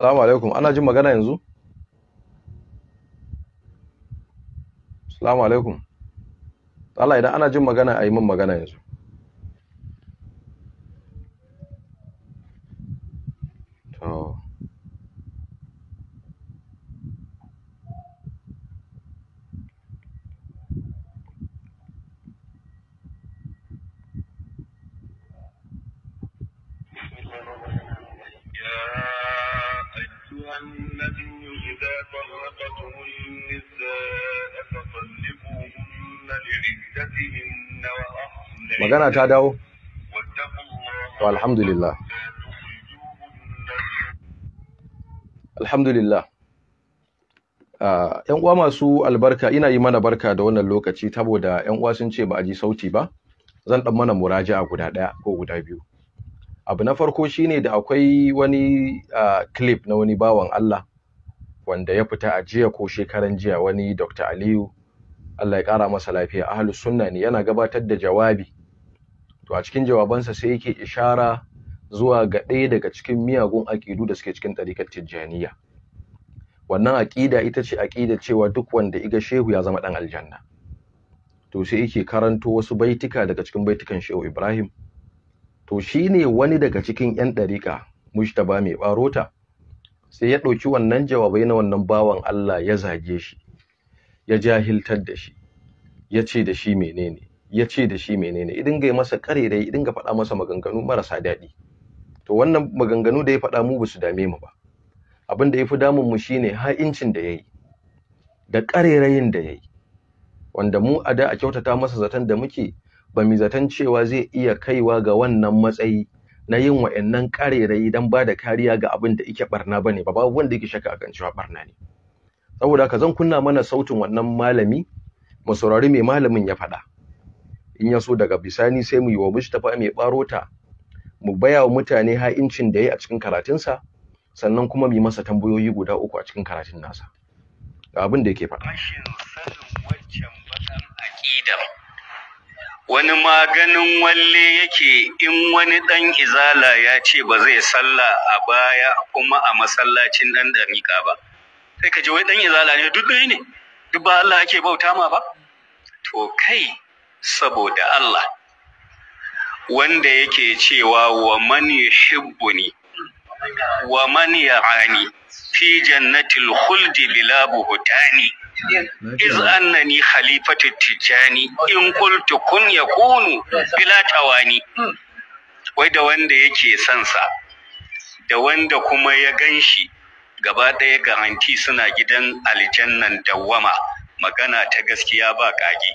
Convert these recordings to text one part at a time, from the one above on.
Salamu alaikum, ana jin magana yanzu? Salamu alaikum. Allah idan ana jin magana a yi min magana yanzu. magana ta dawo to alhamdulillah alhamdulillah yan ah, uwa masu albarka ina yi mana barka da wannan lokaci saboda yan uwa sun ce ba a ji sauti ba zan dan mana muraja'a guda daya ko guda biyu abu na farko shine da akwai wani ah, clip na wani bawan Allah wanda ya fita a jiya ko shekaran jiya wani Dr. Aliyu Allah ya kara masa lafiya ahlus sunna ne yana gabatar da jawabi to a cikin jawabansa sai yake ishara zuwa ga ɗaya daga cikin miyagun aƙidu da suke cikin ɗarikar tijjaniya wannan aƙida ita ce aƙida cewa duk wanda iga shehu ya zama ɗan aljanna to sai yake karanto wasu baitika daga cikin baitikan shehu ibrahim to shi ne wani daga cikin 'yan ɗarika mushtaba mai ɓarota sai ya ɗauki wannan jawabai na wannan bawan allah ya zage shi ya jahiltar da shi ya ce da shi menene ya ce da shi menene idan ga masa dai idan ga faɗa masa maganganu marasa daɗi to wannan maganganu da ya faɗa mu basu dame mu ba abin da ya fi damun mu shine ha'incin da ya yi da ƙarerayin da ya yi wanda mu a da a kyautata masa zaton da muke ba mu zaton cewa zai iya kaiwa ga wannan matsayi na yin wa'annan ƙarerayi don ba da kariya ga abin da yake barna ba ne ba babu wanda yake shaka akan cewa barna ne saboda haka zan kunna mana sautin wannan malami mu saurari me malamin ya faɗa in ya so daga bisani sai mu yi wa mustafa mai barota mu baya wa mutane ha'incin da ya a cikin karatunsa sannan kuma mu yi masa tambayoyi guda uku a cikin karatun nasa ga abin da yake faɗa rashin sanin waccan wani maganin walle yake in wani dan izala ya ce ba zai salla a baya kuma a masallacin dan dariƙa ba sai ka je wai dan izala ne duk ne duk ba Allah yake bauta ma ba to kai saboda Allah wanda yake cewa wa man yuhibbuni wa man ya'ani fi jannatil khuldi bila buhtani iz annani khalifatu tijani in qultu kun yakunu bila tawani wai da wanda yake son sa da wanda kuma ya ganshi gaba ɗaya garanti suna gidan aljannan dawwama magana ta gaskiya ba kage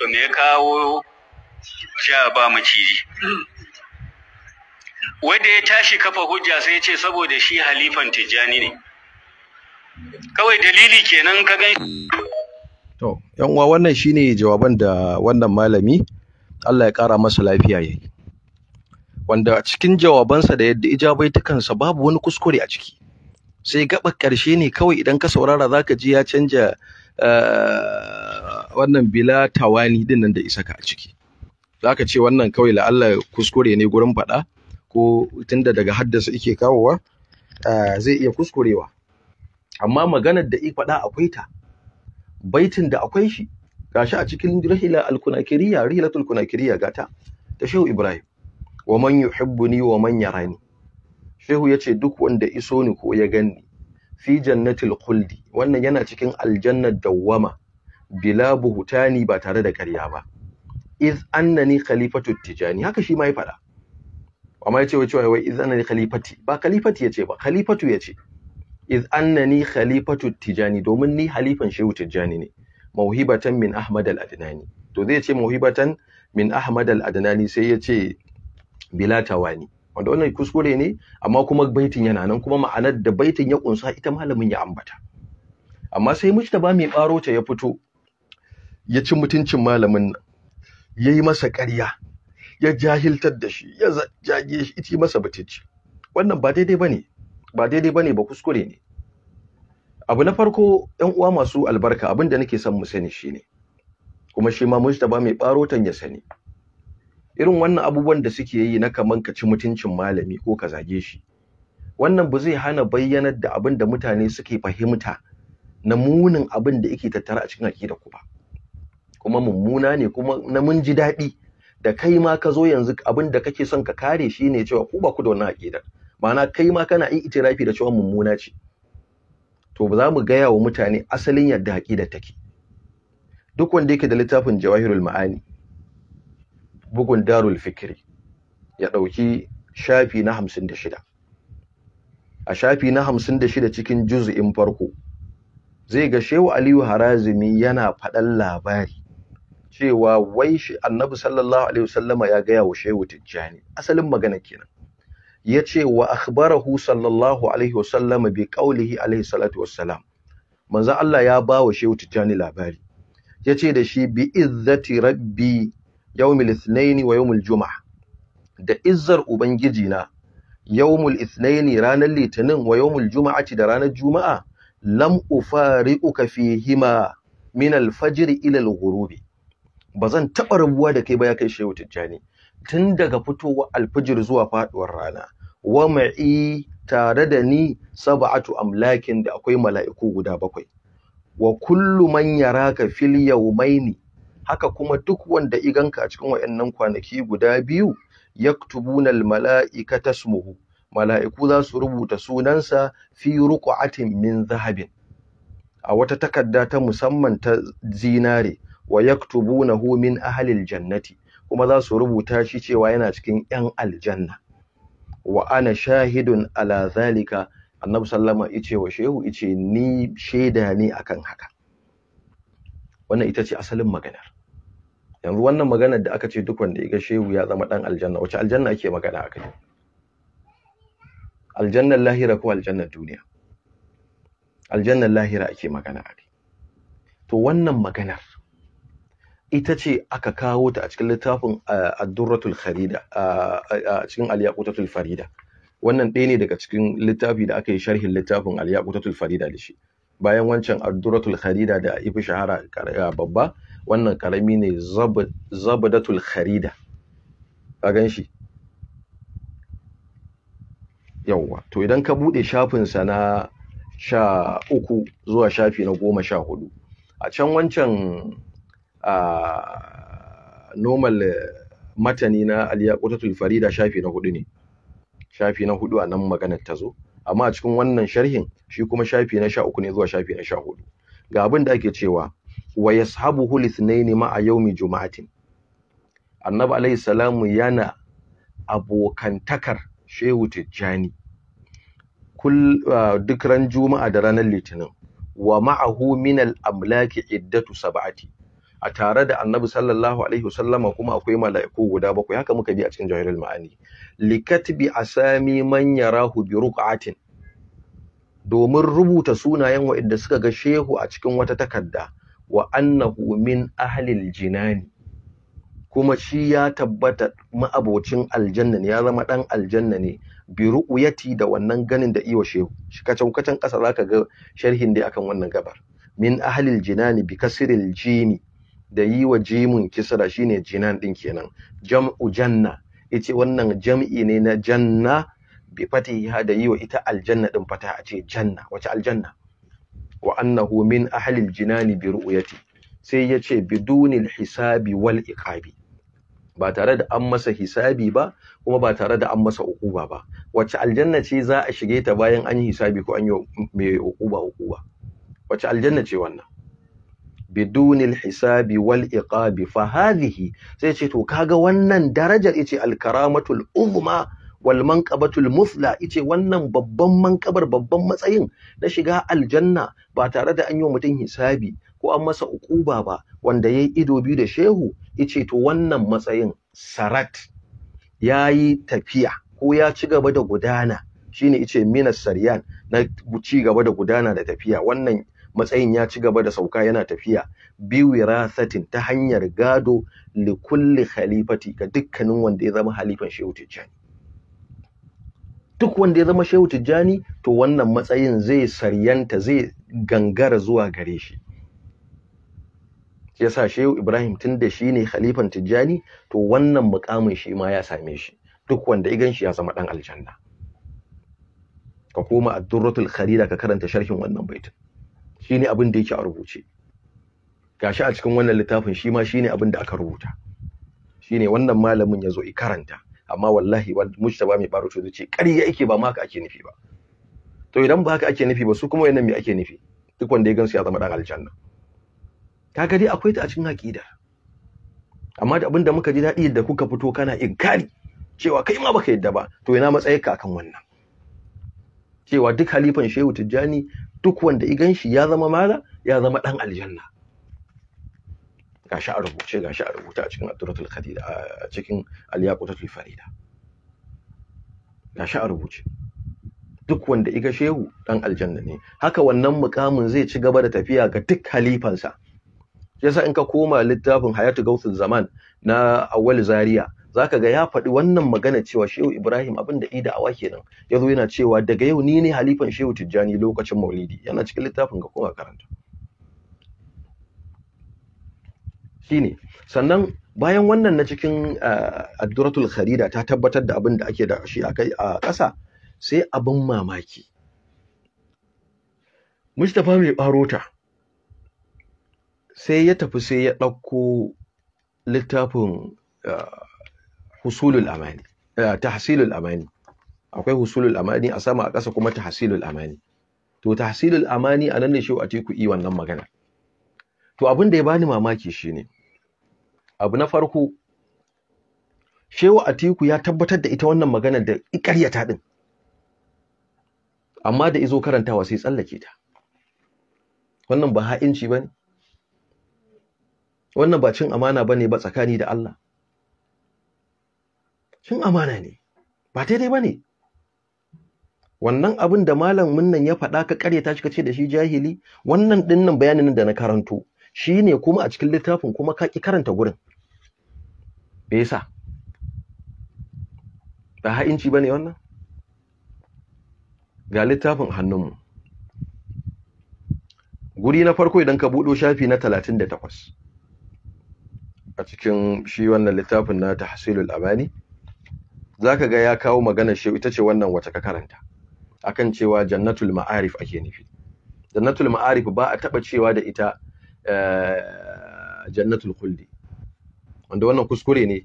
to me ya kawo sha ba maciji wanda ya tashi kafa hujja sai ya ce saboda shi halifan tijjani ne kawai dalili kenan ka gan to yan uwa wannan shine jawaban da wannan malami Allah ya kara masa lafiya yayi wanda a cikin jawabansa da yadda ijabaitukansa babu wani kuskure a ciki sai gaba ƙarshe ne kawai idan ka saurara zaka ji ya canja eh, wannan bila tawani din nan da isaka a ciki Za ka ce wannan kawai la'alla kuskure ne gurin faɗa ko tunda daga haddasa ike kawowa eh, zai iya kuskurewa amma maganar da i faɗa akwai ta baitin da akwai shi gashi a cikin rahila al-kunakiriya rahilatul kunakiriya gata ta shehu ibrahim wa man yuhibbuni wa man yarani shehu yace duk wanda iso ni ko ya ganni fi jannatil khuldi wannan yana cikin aljannar dawwama bila buhutani ba tare da ƙarya ba iz annani khalifatu tijani haka shi ma ya faɗa amma yace ce wai iz annani khalifati ba khalifati ya ba khalifatu ya iz annani khalifatu tijani domin ni halifan shehu tijani ne mauhibatan min ahmad al-adnani to zai ce mauhibatan min ahmad al-adnani sai yace ce bila tawani wanda wannan kuskure ne amma kuma baitin yana nan kuma ma'anar da baitin ya kunsa ita malamin ya ambata amma sai mujtaba mai baro ta ya fito ya ci mutuncin malamin nan ya yi masa ƙarya ya jahiltar da shi ya jage shi iti masa batici wannan ba daidai bane ba daidai bane ba kuskure ne abu na farko yan uwa masu albarka abin da nake son mu sani shine kuma shi ma Mustapha mai barotan ya sani irin wannan abubuwan da suke yi na kaman ka ci mutuncin malami ko ka zage shi wannan ba zai hana bayyanar da abin da mutane suke fahimta na munin abin da yake tattara a cikin aƙidar ku ba kuma mummuna ne kuma na mun ji daɗi da kai ma ka zo yanzu abin da kake son ka kare shi ne cewa ku ba ku da wannan aƙidar ma'ana kai ma kana yin itirafi da cewa mummuna ce to za mu gaya wa mutane asalin yadda aƙidar take duk wanda yake da littafin jawahirul ma'ani bugun darul fikri ya ɗauki shafi na hamsin da shida a shafi na hamsin da shida cikin juz'in farko zai ga shehu aliyu harazimi yana faɗan labari cewa wai shi annabi sallallahu alaihi wasallama ya gaya wa shehu tijjani asalin magana kenan ya ce wa akhbarahu sallallahu alaihi wasallama bi qaulihi alaihi salatu wassalam manzo Allah ya ba wa shehu tijjani labari ya ce da shi bi izzati rabbi yawmil ithnain wa yawmil juma'a da izzar ubangiji na yawmul ithnain ranar litinin wa yawmul ce da ranar juma'a lam ufariquka fihima min al-fajr ila al-ghurubi ba zan taɓa rabuwa da kai ba ya kai shehu tijjani tun daga fitowar alfijir zuwa faɗuwar rana wa ma'i tare da ni sab'atu amlakin da akwai mala'iku guda bakwai wa kullu man yaraka fil yawmaini haka kuma duk wanda iganka a cikin wayannan kwanaki guda biyu yaktubuna al mala'ika tasmuhu mala'iku za su rubuta sunansa fi ruqatin min zahabin a wata takarda ta musamman ta zinare wa yaktubunahu min ahlil jannati kuma za su rubuta shi cewa yana cikin yan aljanna wa ana shahidun ala zalika annabi sallama yace wa shehu yace ni shaida ne akan haka wannan ita ce asalin maganar yanzu wannan maganar da aka ce duk wanda ya shehu ya zama dan aljanna wace aljanna ake magana akai aljannar lahira ko aljannar duniya aljannar lahira ake magana a to wannan maganar ita ce aka kawo ta a cikin littafin addurratul kharida a cikin aliyaqutatul farida wannan ɗaya ne daga cikin littafi da aka yi sharhin littafin aliyaqutatul farida da shi bayan wancan addurratul kharida da ifi shahara babba wannan karami ne zabadatul kharida a gan shi yawwa to idan ka buɗe shafinsa na sha uku zuwa shafi na goma sha hudu a can wancan a normal matani na aliyaqutatul farida shafi na hudu ne shafi na hudu a nan maganar ta zo amma a cikin wannan sharhin shi kuma shafi na sha uku ne zuwa shafi na sha hudu ga abin da ake cewa wa yashabuhu lithnaini ma a yaumi juma'atin annabi alayhi salamu yana abokantakar shehu tijjani kul duk ran juma'a da ranar litinin wa ma'ahu min al-amlaki iddatu sab'ati a tare da annabi sallallahu alaihi wasallama kuma akwai mala'iku guda bakwai haka muka bi a cikin jawahirul ma'ani likatbi asami man yarahu bi ruk'atin domin rubuta sunayen wa'inda suka ga shehu a cikin wata takarda wa annahu min ahlil jinani kuma shi ya tabbata ma'abocin aljanna ne ya zama dan aljanna ne bi ru'yati da wannan ganin da iwa shehu shi kacan kacan kasa zaka ga sharhin dai akan wannan gabar min ahlil jinani bi kasril jini. da yi wa jimin kisra shine jinan din kenan jam'u janna yace wannan jam'i ne na janna bi fatiha da yi wa ita aljanna din fata a ce janna wace aljanna wa annahu min ahli aljinani bi ru'yati sai yace bidunil hisabi wal iqabi ba tare da an masa hisabi ba kuma ba tare da an masa ukuba ba wace aljanna ce za a shige ta bayan an yi hisabi ko an yi mai ukuba ukuba wacce aljanna ce wannan bidunil hisabi wal iƙabi fa hadhihi sai ce to kaga wannan darajar yace alkaramatul karamatul uzma wal manqabatul mufla yace wannan babban manqabar babban matsayin na shiga aljanna ba tare da an yi mutum hisabi ko an masa ukuba ba wanda yayi ido biyu da shehu yace to wannan matsayin sarat yayi tafiya ko ya ci gaba da gudana shine yace minas saryan na ci gaba da gudana da tafiya wannan matsayin ya ci gaba da sauka yana tafiya bi wirathatin ta hanyar gado li kulli khalifati ga dukkanin wanda ya zama halifan shehu tijjani duk wanda ya zama shehu tijjani to wannan matsayin zai saryanta zai gangara zuwa gare shi yasa shehu ibrahim tun da shi ne khalifan tijjani to wannan mukamin shi ma ya same shi duk wanda igan shi ya zama dan aljanna ka koma ad-durratul ka karanta sharhin wannan baitin shine abin da yake a rubuce gashi a cikin wannan littafin shi ma shine abin da aka rubuta shine wannan malamin ya zo i karanta amma wallahi mujtaba mai baro to ce ƙarya yake ba ma haka ake nufi ba to idan ba haka ake nufi ba su kuma wannan me ake nufi duk wanda ya gansu ya zama dan aljanna kaga dai akwai ta a cikin aqida amma da abin da muka ji daɗi da kuka fito kana inkari cewa kai ma baka yadda ba to ina matsayinka akan wannan cewa duk halifan shehu tijjani duk wanda i ganshi ya zama mala ya zama dan aljanna gashi a rubuce gashi a rubuta a cikin addu'atul khadida a cikin al-yaqutatul farida gashi a rubuce duk wanda iga shehu dan aljanna ne haka wannan mukamin zai ci gaba da tafiya ga duk halifansa yasa in ka koma littafin hayatu gausul zaman na awwal Zariya. zaka ga ya faɗi wannan magana cewa Shehu Ibrahim abin da ida awa kenan yazo yana cewa daga yau ni ne halifan Shehu Tijjani lokacin Maulidi yana cikin littafin ga kowa karanta shine sannan bayan wannan na cikin eh, adduratul Kharida ta tabbatar da abin da ake da shi akai a ƙasa sai abin mamaki Mustapha mai barota sai ya tafi sai ya ɗauko littafin eh, husulul amani eh, tahsilul amani akwai husulul amani a sama a ƙasa kuma tahsilul amani to tahsilul amani a nan ne shi a i e wannan magana to abin da ya bani mamaki shine abu na farko shehu atiku ya tabbatar da ita wannan magana da ikaryata din amma da izo karantawa sai tsallake ta wannan ba ha'inci bane wannan ba cin amana bane ba tsakani da Allah kin amana ne ba daidai ba ne wannan abin da malamin nan ya faɗa ka ta shi ka ce da shi jahili wannan ɗinnan bayanin da na karanto shi ne kuma a cikin littafin kuma ka ƙi karanta gurin me yasa ba ha'inci ba ne wannan ga littafin hannunmu guri na farko idan ka buɗo shafi na 38 a cikin shi wannan littafin na tahsilul abani za ka ga ya kawo maganar shehu ita ce wannan wacce ka karanta akan cewa jannatul ma'arif ake nufi jannatul ma'arif ba a taɓa cewa da ita eh, jannatul khuldi wanda wannan kuskure ne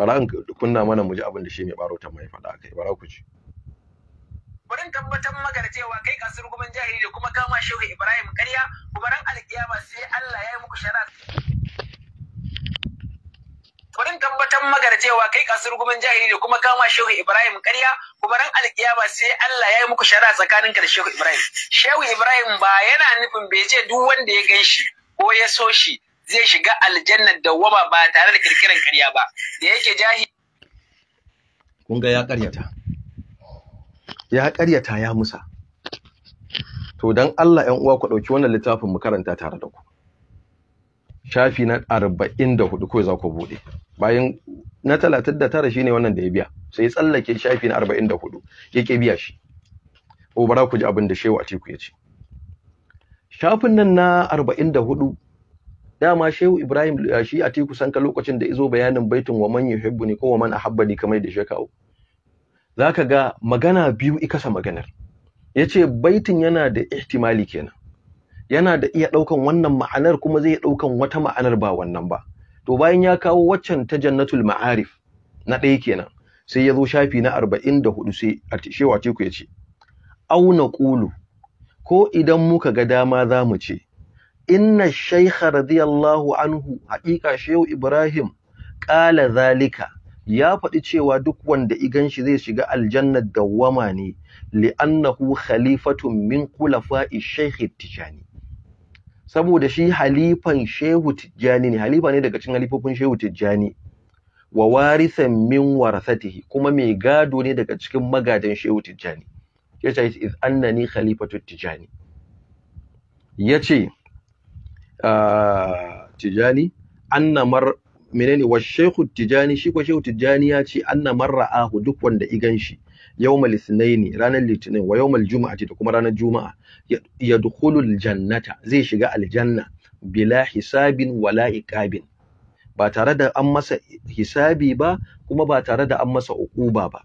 bara in kunna mana mu ji abin da shi mai baro ta mai faɗa kai bara ku ji barin tabbatar maka da cewa kai kasar gumin jahili da kuma kama shehu ibrahim ƙarya ku ran alkiyama sai Allah ya yi muku sharar bari tabbatar maka da cewa kai kasar gumin jahili ne kuma kama Shehu Ibrahim Karya, kuma ran alkiyama sai Allah ya yi muku shari'a tsakanin ka da Shehu Ibrahim. Shehu Ibrahim ba yana nufin bai ce duk wanda ya gan shi ko ya so shi zai shiga aljannar dawwama ba tare da kirkiran ƙarya ba. Da yake jahili kun ga ya ƙaryata ya ƙaryata ya musa to dan Allah 'yan uwa ku ɗauki wannan littafin mu karanta tare da ku shafi na 44 ko za ku bude bayan na talatin da tara shi ne wannan da ya biya sai ya tsallake shafi na arba'in da hudu ya ke biya shi ko za ku ji abin da shehu ku ya ce shafin nan na arba'in da hudu, dama shehu Ibrahim ya eh, shi a teku sanka lokacin da izo bayanin baitin wa man ne ko wa man ahabbani kamar da shekau zaka ga magana biyu ikasa maganar yace baitin yana da ihtimali kenan yana da iya daukan wannan ma'anar kuma zai daukan wata ma'anar ba wannan ba to bayan ya kawo waccan ta jannatul ma'arif na ɗaya kenan sai ya zo shafi na arba'in da hudu sai a shewa ce ku ya ce auna ƙulu ko idan muka ga dama za mu ce inna shaikha radiyallahu anhu haƙiƙa shehu ibrahim ƙala zalika ya faɗi cewa duk wanda igan shi zai shiga aljannar dawwama ne li'annahu khalifatun min kulafa'i shaykh tijani saboda shi halifan shehu tijjani ne halifa ne daga cikin halifofin shehu tijjani wa warisan min warasatihi kuma mai gado ne daga cikin magadan shehu tijjani ya ce is annani khalifatu tijjani ya ce ah, tijjani annamar menene wa shehu tijjani shi ko shehu tijjani ya ce anna marra'ahu duk wanda igan shi Yau yawmal ne, ranar litinin wa yawmal juma'ati da kuma ranar juma'a yadkhulul jannata zai shiga aljanna bila hisabin walaikabin, ba tare da an masa hisabi ba kuma ba tare da an masa uquba ba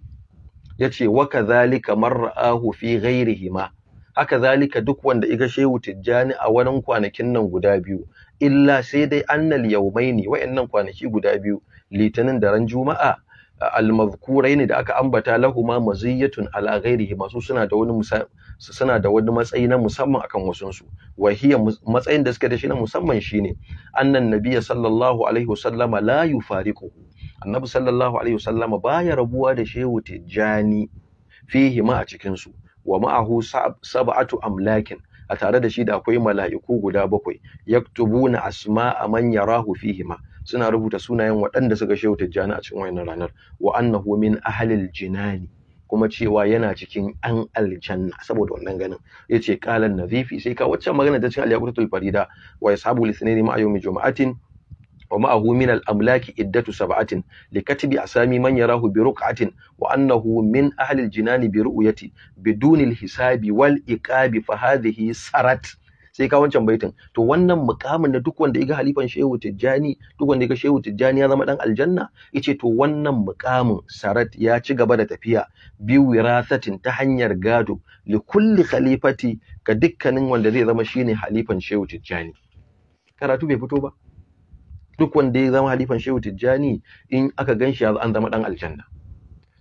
yace wa kadhalika mar'ahu fi ghairihi ma haka zalika duk wanda iga shaihu tijjani a wani kwanakin nan guda biyu illa sai dai annal ne wayannan kwanaki guda biyu litinin da ran juma'a ne da aka ambata lahuma maziyatun ala ghairihi masu suna da wani suna da wani matsayi na musamman akan wasun su wa hiya matsayin da suke da shi na musamman shine annan nabiyya sallallahu alaihi wasallama la yufariquhu annabi sallallahu alaihi wasallama baya rabuwa da shehu tijjani fihi ma a cikin su wa ma'ahu sab'atu amlakin a tare da shi da akwai mala'iku guda bakwai yaktubuna asma'a man yarahu fihi ma suna rubuta sunayen waɗanda suka shehu tijjani a cikin wannan ranar wa annahu min ahlil jinani kuma cewa yana cikin an aljanna saboda wannan ganin yace qalan nazifi sai ka wacce magana ta cikin al farida wa yasabu lisnaini ma yawmi juma'atin wa ma'ahu min al-amlaki iddatu sab'atin li asami man yarahu bi ruk'atin wa annahu min ahli jinani bi ru'yati bidun al-hisabi wal iqabi fa sarat sai ka wancan baitin to wannan mukamin na duk wanda ga halifan shehu tijjani duk wanda ga shehu tijjani ya zama dan aljanna yace to wannan mukamin sarat ya ci gaba da tafiya bi wirasatin ta hanyar gado li kulli khalifati ga dukkanin wanda zai zama shine halifan shehu tijjani karatu bai fito ba duk wanda ya zama halifan shehu tijjani in aka ganshi an zama dan aljanna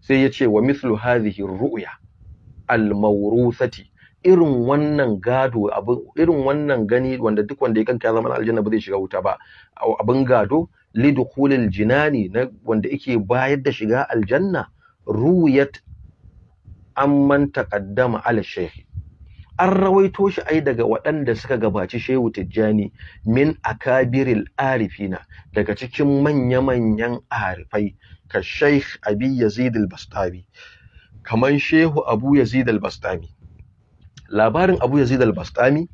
sai ya ce wa mislu hadhihi ru'ya al-mawruthati irin wannan gado abin irin wannan gani wanda duk wanda ya kanka ya zama na aljanna ba zai shiga wuta ba abin gado lidukhulil jinani na wanda yake bayar da shiga aljanna ruyat amman taqaddama al shaykh an rawaito shi ai daga waɗanda suka gabaci shehu tijjani min akabiril arifina daga cikin manya-manyan arifai ka shaykh abi yazid al-bastami kaman shehu abu yazid al-bastami labarin abu yazid al-bastami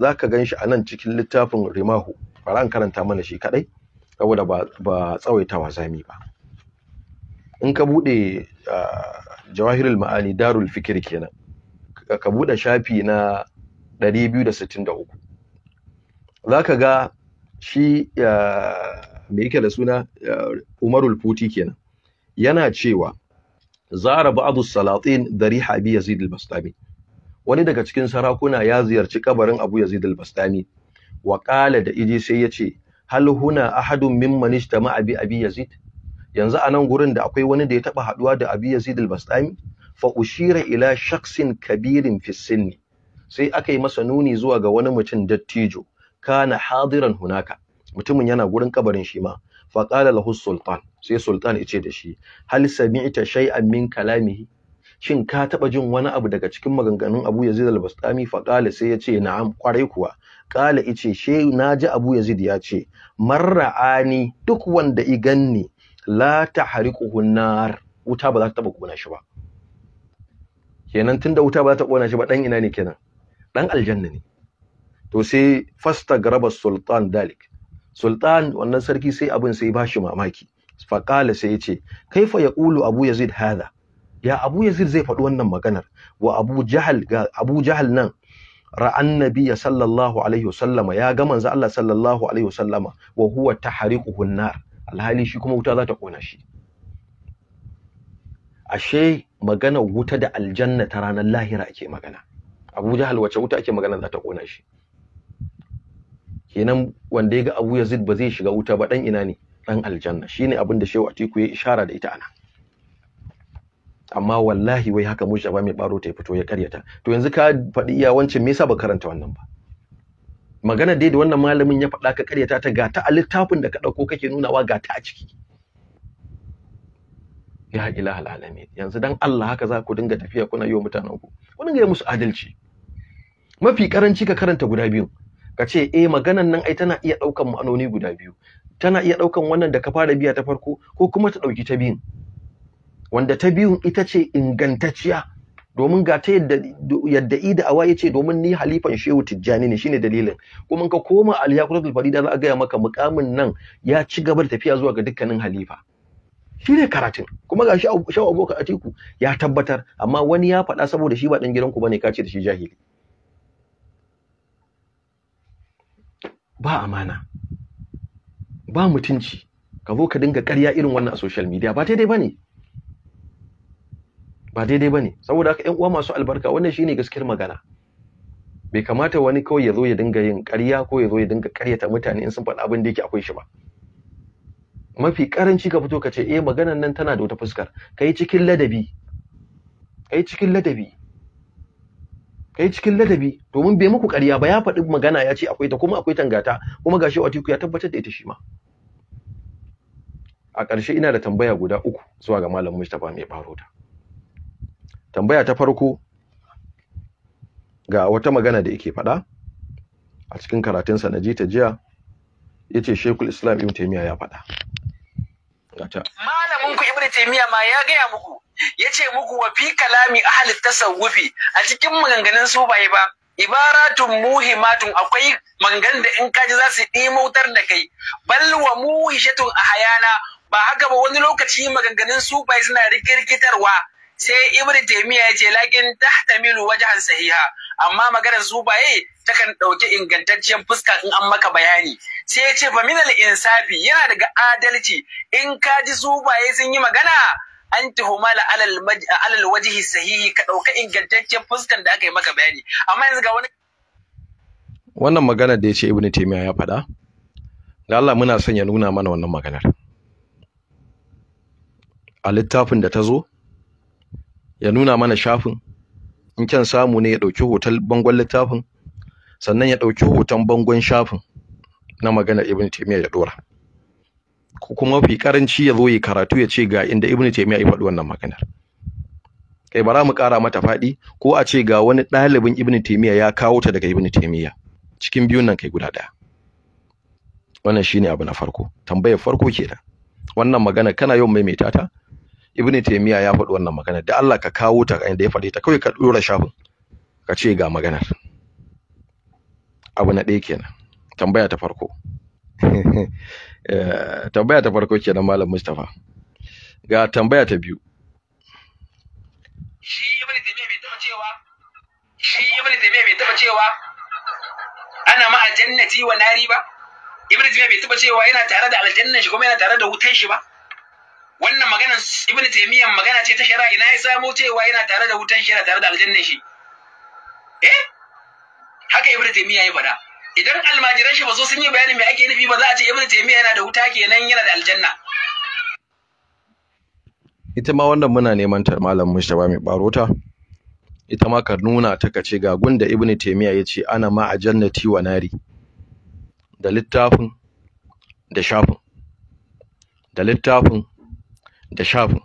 za ka gan shi a nan cikin littafin rimahu bara an karanta mana shi kadai saboda ba tsawaita zami ba in ka bude ah, jawahirul ma'ani darul fikir kenan ka bude shafi na 263 za ka ga shi ah, me yake da suna ah, umarul futi kenan yana cewa zara ba'adu salatin dari habi yazid al-bastami wani daga cikin sarakuna ya ziyarci kabarin Abu Yazid al-Bastami wa qala da iji sai yace hal huna ahadun mimman ijtama'a bi Abi Yazid yanzu anan gurin da akwai wani da ya taba haduwa da Abi Yazid al-Bastami fa ushira ila shakhsin kabirin fi sinni sai aka yi masa nuni zuwa ga wani mutum dattijo kana hadiran hunaka mutumin yana gurin kabarin shi ma fa qala lahu sultan sai sultan yace da shi hal sami'ta shay'an min kalamihi shin ka taɓa jin wani abu daga cikin maganganun Abu Yazid al-Bastami fa qala sai yace na'am kwarai kuwa qala ice she naji Abu Yazid ya ce marra'ani duk wanda i ganni la tahriquhu nar wuta ba za ta taɓa kona shi ba kenan tunda wuta ba za ta kona shi ba dan ina ne kenan dan aljanna ne to sai fastagraba sultan dalik sultan wannan sarki sai abin sai bashi mamaki qala sai yace kaifa yaqulu abu yazid hadha ya abu yazid zai faɗi wannan maganar wa abu jahal ga abu jahal nan ra'an nabiyya sallallahu alaihi wasallama ya ga manzo Allah sallallahu alaihi wasallama wa huwa tahriquhu nar alhali shi kuma wuta za ta kona shi ashe magana wuta da aljanna ta ranar lahira ake magana abu jahal wace wuta ake magana za ta kona shi kenan wanda ya ga abu yazid ba zai shiga wuta ba dan ina ne dan aljanna shine abin da shehu atiku ya ishara da ita anan amma wallahi wai haka mushaba mai baro ta fito ya karyata to yanzu ka faɗi iya wancan me yasa ba karanta wannan ba magana dai da wannan malamin ya fada ka karyata ta ga ta a littafin da ka ɗauko kake nunawa ga ta a ciki ya ilaha alamin yanzu dan Allah haka za ku dinga tafiya kuna yi wa mutanen ku ku dinga yi musu adalci mafi karanci ka karanta guda biyu ka ce eh maganan nan ai tana iya ɗaukan ma'anoni guda biyu tana iya ɗaukan wannan da ka fara biya ta farko ko kuma ta ɗauki ta biyun wanda ta biyun ita ce ingantacciya domin ga ta yadda ida awa ce domin ni halifan shehu tijjani ne shine dalilin kuma ka koma al da farida za a gaya maka mukamin nan ya ci gaba da tafiya zuwa ga dukkanin halifa shi ne karatun kuma ga shawo abokan atiku ya tabbatar amma wani ya faɗa saboda shi ba ɗan ba bane ka ce da shi jahili ba amana ba mutunci ka zo ka dinga karya irin wannan a social media ba daidai bane ba daidai bane saboda haka ƴan uwa masu albarka wannan shine gaskiyar magana bai kamata wani kawai ya zo ya dinga yin ƙarya ko ya zo ya dinga ƙaryata mutane in sun faɗa abin da yake akwai shi ba mafi ƙaranci ka fito ka ce eh maganar nan tana da wata fuskar kai cikin ladabi kai cikin ladabi kai cikin ladabi domin bai muku ƙarya ba ya faɗi magana ya ce akwai ta kuma akwai tangata kuma gashi Atiku ya tabbatar da ita shi ma a ƙarshe ina da tambaya guda uku zuwa ga malam Mustapha mai barota tambaya ta farko ga wata magana da yake faɗa a cikin karatun sa na ta jiya yace Sheikhul islam ibn Taymiyyah ya faɗa malamin ku ibn Taymiyyah ma ya gaya muku yace muku wa fi kalami ahli tasawufi a cikin maganganun su bai ba ibaratun muhimatun akwai mangan da in kaji za su ɗimautar da kai bal wa muhishatun a hayana ba haka ba wani lokaci maganganun su bai suna rikirkitarwa sai ibn taymiya ya ce lakin tahtamilu wajhan sahiha amma maganar zubaye kan ɗauki ingantacciyar fuska in an maka bayani sai ya ce fa min insafi yana daga adalci in ka ji zubaye sun yi magana an tuhuma la alal wajhi sahihi ka ɗauka ingantacciyar fuskan da aka yi maka bayani amma yanzu ga wani wannan magana da ya ce ibn taymiya ya faɗa ga Allah muna son ya nuna mana wannan maganar a littafin da ta zo ya nuna mana shafin in kyan samu ne ya ɗauki hoton bangon littafin sannan ya ɗauki hoton bangon shafin na maganar ibn taymiya ya ɗora ko kuma mafi karanci ya zo yi karatu ya ce ga inda ibn taymiya ya faɗi wannan maganar kai bara mu ƙara mata faɗi ko a ce ga wani ɗalibin ibn taymiya ya kawo ta daga ibn taymiya cikin biyun nan kai guda ɗaya wannan shine abu na farko tambayar farko kenan wannan magana kana yawan maimaita ta ibn taymiya ya faɗi wannan magana da Allah ka kawo ta inda ya faɗi ta kawai ka dora shafin ka ce ga maganar abu na ɗaya kenan tambaya ta farko eh, tambaya ta farko kenan malam Mustafa ga tambaya ta biyu shi ibn taymiya bai taba cewa shi ibn taymiya bai taba cewa ana ma aljannati wa nari ba ibn taymiya bai taba cewa yana tare da aljannan shi kuma yana tare da wutan shi ba wannan maganar ibn taymiyyah magana ce ta shari'a ina ya samo cewa yana tare da wutan shi yana tare da aljannan shi eh haka ibn taymiyyah ya faɗa idan almajiran shi bazo sun yi bayani me ake nufi ba za a ce ibn taymiyyah yana da wuta kenan yana da aljanna ita ma wannan muna neman tar malam Mustafa mai barota ita ma ka nuna ta kace ga gunda ibn taymiyyah ya ce ana ma a jannati wa nari da littafin da shafin da littafin da shafin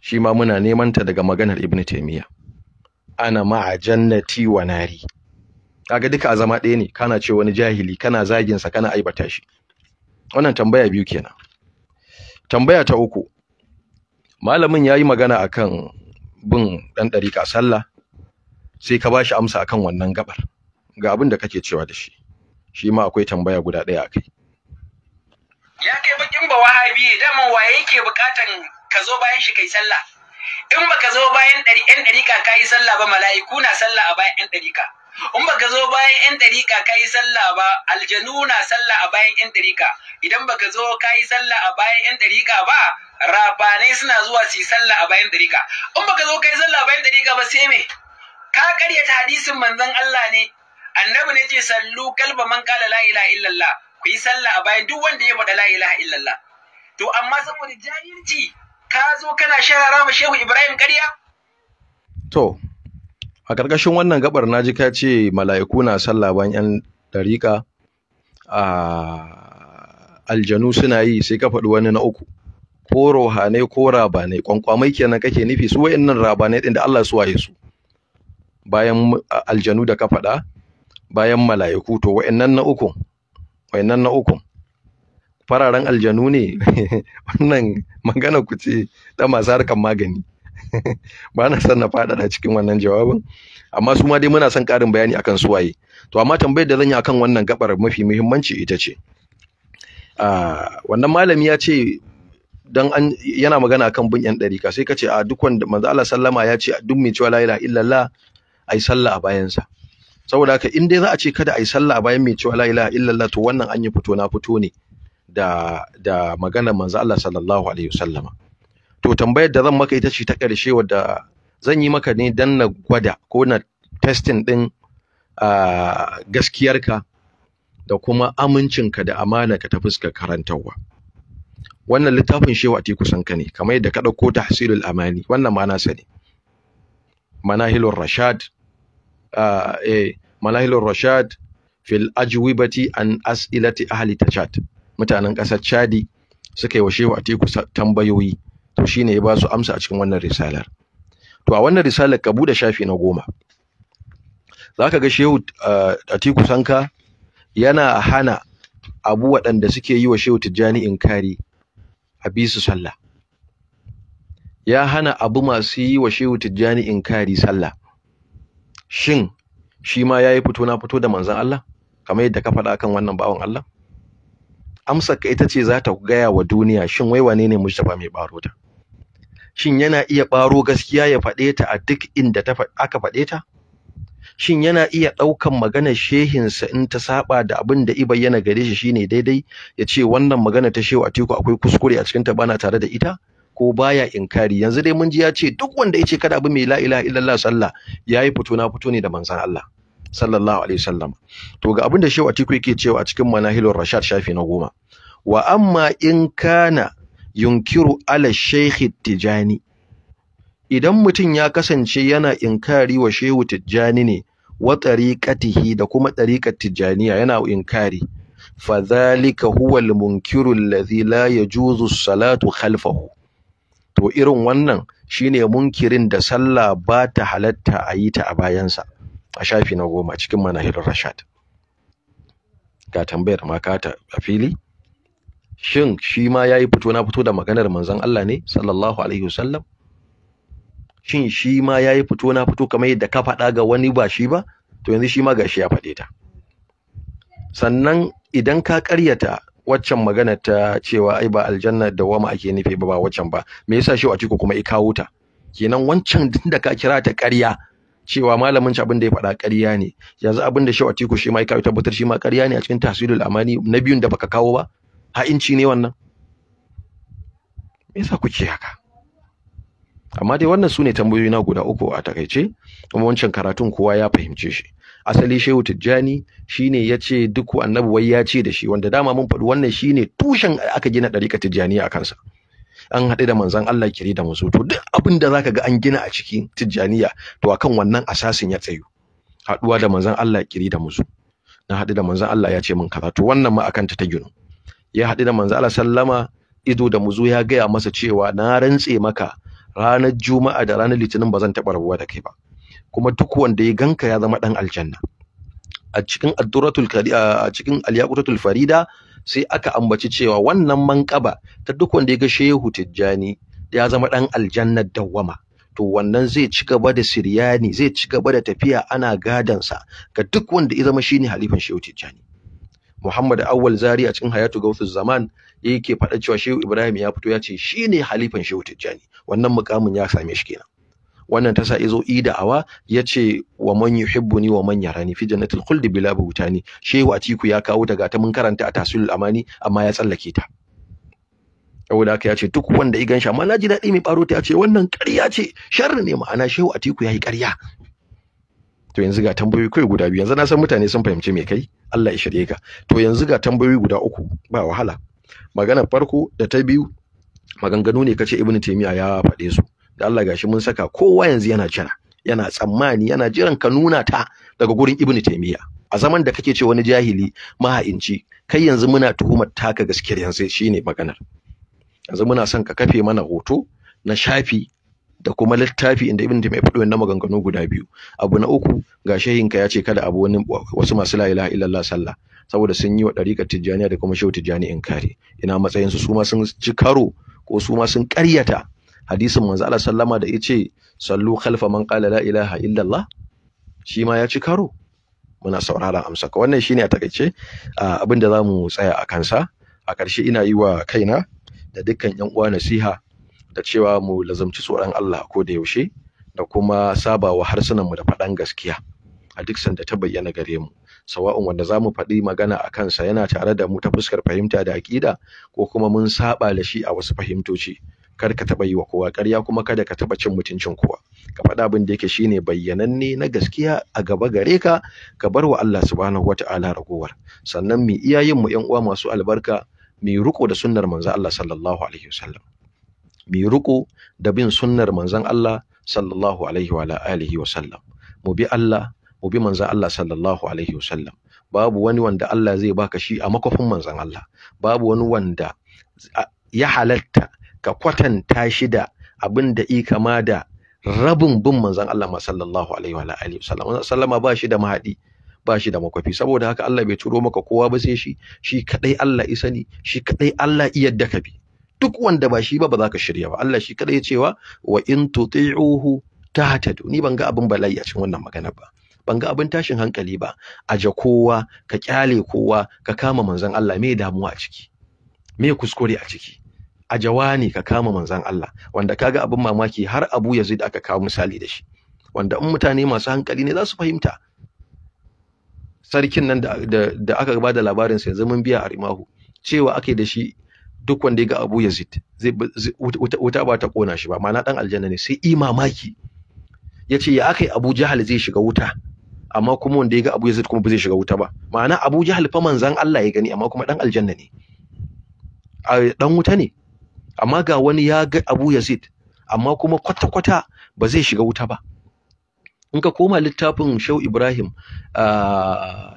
shi ma muna neman ta daga maganar ibnu taymiya ana ma'a jannati wa nari kaga duka azama ɗaya ne kana ce wani jahili kana zagin sa kana aibata shi wannan tambaya biyu kenan tambaya ta uku malamin yayi magana akan bin dan dariƙa sallah sai ka bashi amsa akan wannan gabar ga abin da kake cewa da shi shi ma akwai tambaya guda ɗaya a kai. ya kai bakin ba wahabi daman waye yake bukatan ka zo bayan shi kai sallah in baka zo bayan dari ɗan ɗarika ka yi sallah ba mala'iku na sallah a bayan ɗan dariƙa. in baka zo bayan ɗan dariƙa ka yi sallah ba aljanu na sallah a bayan ɗan dariƙa. idan baka zo ka yi sallah a bayan ɗan dariƙa ba rabanai suna zuwa su yi sallah a bayan dariƙa. in baka zo ka yi sallah a bayan dariƙa ba sai me ka karyata hadisin manzon Allah ne annabi ne ce sallu kalba man kala la ilaha illallah ku yi sallah a bayan duk wanda ya faɗa la ilaha illallah to amma saboda jahilci ka zo kana shahara ma shehu ibrahim ƙarya to a ƙarƙashin wannan gabar na ji ka ce mala'iku na sallah bayan yan dariƙa a aljanu suna yi sai ka faɗi wani na uku ko rohanai ko rabanai kwankwamai kenan kake nufi su wayannan rabanai ɗin da Allah su waye su bayan aljanu da ka faɗa bayan mala'iku to wayannan na uku wayannan na ukun fararen aljanu ne wannan magana ku ce da masu harkan magani ba na son na faɗaɗa cikin wannan jawabin amma su ma dai muna son ƙarin bayani akan su waye to amma tambayar da zan yi akan wannan gabar mafi muhimmanci ita ce ah, wannan malami ya ce dan an yana magana akan bin yan ɗarika sai ka ce a duk wanda manzo Allah sallama ya ce duk mai cewa la ilaha illallah ai sallah a bayansa saboda haka in dai za a ce kada a yi sallah bayan mai cewa la ilaha illallah to wannan an yi fito na fito ne da da maganar manzo Allah sallallahu alaihi wasallama to tambayar da zan maka ita ce ta karshe wadda zan yi maka ne dan na gwada ko na testing din uh, gaskiyarka da kuma amincinka da amana amanarka ta fuskar karantarwa wannan littafin shewa ti kusan ka ne kamar yadda ka ɗauko tahsilul amani wannan ma na sani. manahilur rashad Uh, eh, manahilur rashad fil ajwibati an as'ilati ahli tashad mutanen ƙasar chadi suka yi wa shehu atiku tambayoyi to shine ya ba su amsa a cikin wannan risalar to a wannan risalar ka bude shafi na goma zaka ga shehu uh, atiku sanka yana hana abu waɗanda suke yi wa shehu tijjani inkari a bisu sallah ya hana abu masu yi wa shehu tijjani inkari sallah shin shi ma yayi fito na fito da manzon Allah kamar yadda ka faɗa kan wannan bawan Allah amsar ka ita ce za ta gaya wa duniya shin wai wane ne Mustafa mai baro ta shin yana iya baro gaskiya ya faɗe ta a duk inda ta aka faɗe ta shin yana iya ɗaukan maganar shehinsa in ta saba da abin da bayyana gare shi shine daidai ya ce wannan magana ta shehu a teku akwai kuskure a cikin ta bana tare da ita ko baya inkari yanzu dai mun ji ya ce duk wanda yace kada abu mai la ilaha illallah sallah yayi fito na fito ne da manzon Allah sallallahu alaihi wasallam to ga abin da Shehu Atiku yake cewa a cikin Manahilur Rashad shafi na goma wa amma in kana yunkiru ala shaykh Tijani idan mutum ya kasance yana inkari wa Shehu Tijani ne wa tariqatihi da kuma tariqat Tijaniya yana inkari zalika huwa al-munkiru alladhi la yajuzu as-salatu khalfahu to irin wannan shine munkirin da sallah ba ta halatta a yi ta a bayansa a shafi na goma cikin manahilur rashad ga tambayar makata a fili shin shi ma ya yi fito na fito da maganar manzon Allah ne sallallahu alaihi wasallam shin shi ma ya yi fito na fito kamar yadda ka faɗa ga wani ba shi ba to yanzu shi ma gashi ya faɗe ta sannan idan ka karyata. waccan magana ta cewa ai ba aljanna wama ake nufi ba ba waccan ba me yasa shi Atiku kuma i kawo ta kenan wancan din da ka kira ta ƙarya cewa malamin ci abin da ya faɗa ƙarya ne yanzu abin da Shehu a shi ma ya kawo tabbatar shi ma ƙarya ne a cikin tasirul amani na biyun da baka kawo ba ha'inci ne wannan me yasa kuke haka amma dai wannan sune ne tambayoyi na guda uku a takaice kuma wancan karatun kowa ya fahimce shi asali shehu tijjani shine ya ce duk annabi wai ya ce da shi wanda dama mun faɗi wannan shine tushen aka gina ɗarika tijjani a kansa an haɗu da manzon Allah kiri da musu to duk abin da zaka ga an gina a cikin tijjaniya to akan wannan asasin ya tsayo. haɗuwa da manzon Allah kiri da musu na haɗu da manzon Allah ya ce min kaza to wannan ma akan ta gino. ya haɗu da manzon Allah sallama ido da muzu ya gaya masa cewa na rantse maka ranar juma'a da ranar litinin ba zan taɓa rabuwa da kai ba kuma duk wanda ya ganka ya zama dan aljanna a cikin adduratul a cikin alyaqutatul farida sai aka ambaci cewa wannan manqaba ta duk wanda ya ga shehu tijjani ya zama dan aljanna dawwama to wannan zai ci gaba da siryani zai ci gaba da tafiya ana sa ga duk wanda ya zama shine halifan shehu tijjani Muhammad Awwal Zari a cikin Hayatu Gauthuz Zaman yake faɗa cewa Shehu Ibrahim ya fito ya ce shine halifan Shehu Tijjani wannan mukamin ya same shi kenan wannan ta sa izo i Awa ya ce wa man ni wa man yarani fi jannatil khuldi bila buhutani shehu atiku ya kawo daga ta mun karanta a tasirul amani amma ya tsallake ta saboda haka ya ce duk wanda igan ganshi, amma na ji daɗi mai ɓaro ta ya ce wannan ƙarya ce sharri ne ma'ana shehu atiku ya yi ƙarya to yanzu ga tambayoyi kai guda biyu yanzu na san mutane sun fahimci me kai Allah ya shirye ka to yanzu ga tambayoyi guda uku ba wahala Maganar farko da ta biyu maganganu ne kace ibnu taymiya ya faɗe su da Allah gashi mun saka kowa yanzu yana jira yana tsammani yana jiran ka nuna ta daga gurin Ibn Taymiyyah a zaman da kake ce wani jahili maha'inci kai yanzu muna tuhumar taka gaskiyar yanzu shine maganar yanzu muna son ka kafe mana hoto na shafi da kuma littafi inda ibn Taymiyyah faɗo na maganganu guda biyu abu na uku ga shehinka ya ce kada abu wani wasu masu la ilaha illallah sallah saboda sun yi wa ɗariƙar tijjaniya da kuma shehu tijjani inkari ina matsayin su ma sun ci karo ko su ma sun ƙaryata hadisin manzo Allah sallama da yace sallu khalfa man qala la ilaha illallah shi ma ya ci karo muna sauraron amsa ka wannan shine a takaice abin da zamu tsaya a kansa a ƙarshe ina yi wa kaina da dukkan yan uwa nasiha da cewa mu lazamci tsoron Allah ko da yaushe da kuma sabawa harsunan mu da faɗan gaskiya a duk sanda ta bayyana gare mu sawa'un wanda za mu faɗi magana a kansa yana tare da mu ta fuskar fahimta da aƙida ko kuma mun saɓa da shi a wasu fahimtoci kar ka taɓa yi wa kowa ƙarya kuma kada ka taɓa cin mutuncin kowa ka faɗa abin da yake shine bayyananne na gaskiya a gaba gare ka ka bar wa Allah subhanahu wata'ala ragowar sannan mu iyayen mu ƴan uwa masu albarka mu riko da sunnar manzon Allah sallallahu alaihi wasallam mu riko da bin sunnar manzon Allah sallallahu alaihi wa alihi wasallam mu bi Allah mu bi manzon Allah sallallahu alaihi wasallam babu wani wanda Allah zai baka shi a makofin manzon Allah babu wani wanda ya halatta ka kwatanta shi da abin da i kama da rabin bin manzon Allah ma sallallahu alaihi wa alihi wasallam sallama ba shi da mahadi ba shi da makwafi saboda haka Allah bai turo maka kowa ba sai shi shi kadai Allah isa ni. shi kadai Allah iyadda ka bi duk wanda ba shi ba ba za ka shirya ba Allah shi kadai ya cewa wa in tuti'uhu tahtadu ni ban ga abin balayi a cikin wannan magana ba ban ga abin tashin hankali ba ja kowa ka kyale kowa ka kama manzon Allah me damuwa a ciki me kuskure a ciki a jawani ka kama manzan Allah wanda kaga abin mamaki har Abu Yazid aka kawo misali da shi wanda in mutane masu hankali ne za su fahimta sarkin nan da, da, aka ba da labarin sa yanzu mun biya a rimahu cewa ake da shi duk wanda ya ga Abu Yazid zai wuta ba ta kona shi ba ma'ana dan aljanna ne sai imamaki yace ya akai Abu Jahal zai shiga wuta amma kuma wanda ya ga Abu Yazid kuma ba zai shiga wuta ba ma'ana Abu Jahal fa manzan Allah ya gani amma kuma dan aljanna ne dan wuta ne amma ga wani ya ga Abu Yazid amma kuma kwata-kwata ba zai shiga wuta ba in ka koma littafin Shau Ibrahim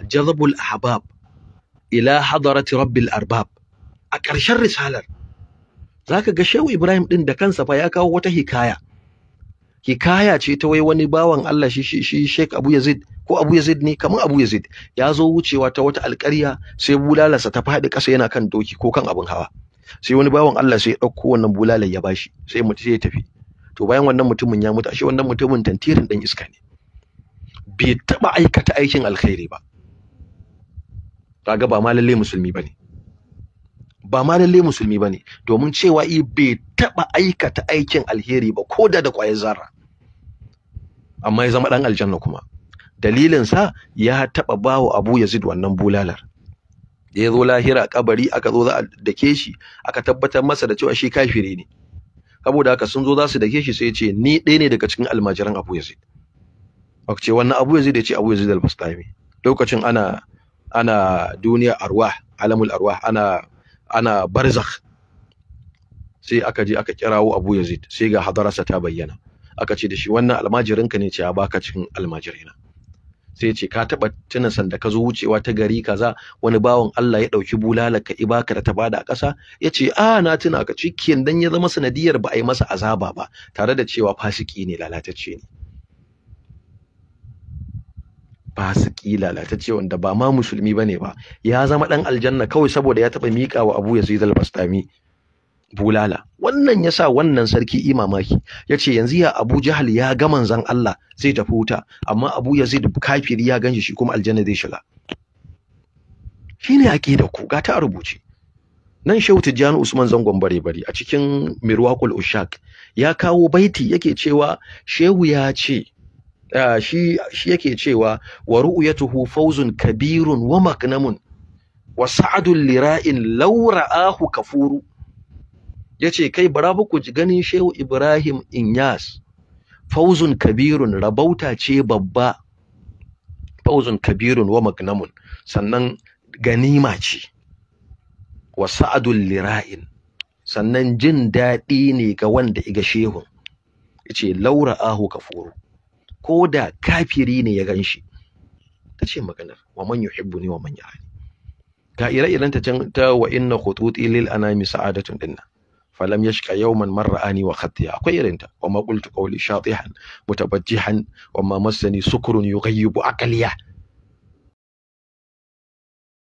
Jazabul Ahbab ila hadarati Rabbil Arbab a ƙarshen risalar zaka ga Shau Ibrahim din da kansa fa ya kawo wata hikaya hikaya ce ta wai wani bawan Allah shi shi Sheikh Abu Yazid ko Abu Yazid ne kamar Abu Yazid ya zo wucewa ta wata alƙarya sai bulalarsa ta faɗi ƙasa yana kan doki ko kan abin hawa sai wani bawan Allah sai ya ɗauko wannan bulalar ya bashi sai mutu sai ya tafi to bayan wannan mutumin ya mutu ashe wannan mutumin tantirin dan iska ne bai taɓa aikata aikin alkhairi ba kaga ba ma lallai musulmi bane ba ma lallai musulmi bane domin cewa i bai taɓa aikata aikin alheri ba ko da da ƙwayar zarra amma ya zama ɗan aljanna kuma dalilin sa ya taɓa bawa Abu Yazid wannan bulalar da ya zo lahira kabari aka zo za a dake shi aka tabbatar masa da cewa shi kafiri ne saboda haka sun zo za su dake shi sai ya ce ni ɗaya ne daga cikin almajiran Abu Yazid aka ce wannan Abu Yazid ya ce Abu Yazid al-Bastami lokacin ana ana duniya arwah alamul arwah ana ana barzakh sai aka je aka kirawo Abu Yazid sai ga hadararsa ta bayyana aka ce da shi wannan almajirinka ne ce ya baka cikin almajirina sai ce ka taɓa tuna sanda ka zo wucewa ta gari kaza wani bawan Allah ya ɗauki bulala ka ibaka da ta bada a ƙasa ce, a ah, na tuna ka cikin dan ya zama sanadiyar ba a yi masa azaba ba tare da cewa fasiki ne lalatacce ne fasiki lalatacce wanda ba ma musulmi bane ba ya zama dan aljanna kawai saboda ya taɓa mika wa Abu Yazid al-Bastami bulala wannan yasa wannan sarki imamaki yace yanzu ya Abu Jahal ya ga manzon Allah zai tafi wuta amma Abu Yazid kafiri ya ganshi shi kuma aljanna zai shiga shine aqida ku ga ta rubuce nan Shehu Tijjani Usman Zangon bare bare a cikin Mirwaqul Ushak ya kawo baiti yake cewa Shehu ya ce shi shi yake cewa wa ru'yatuhu fawzun kabirun wa maknamun wa sa'adun lira'in law ra'ahu kafuru ya ce kai bara ku ganin shehu ibrahim inyas fauzun kabirun rabauta ce babba fauzun kabirun wa magnamun sannan ganima ce wa sa'adun lira'in sannan jin daɗi ne ga wanda iga shehun ce, laura ahu kafuru ko da kafiri ne ya ganshi ce maganar wa man ne, wa man yahani ga ire-irenta ta wa inna khututi lil anami sa'adatun dinna فلم يشك يوما مر أني وخطي أقير أنت وما قلت قولي شاطحا متبجحا وما مسني سكر يغيب أكليه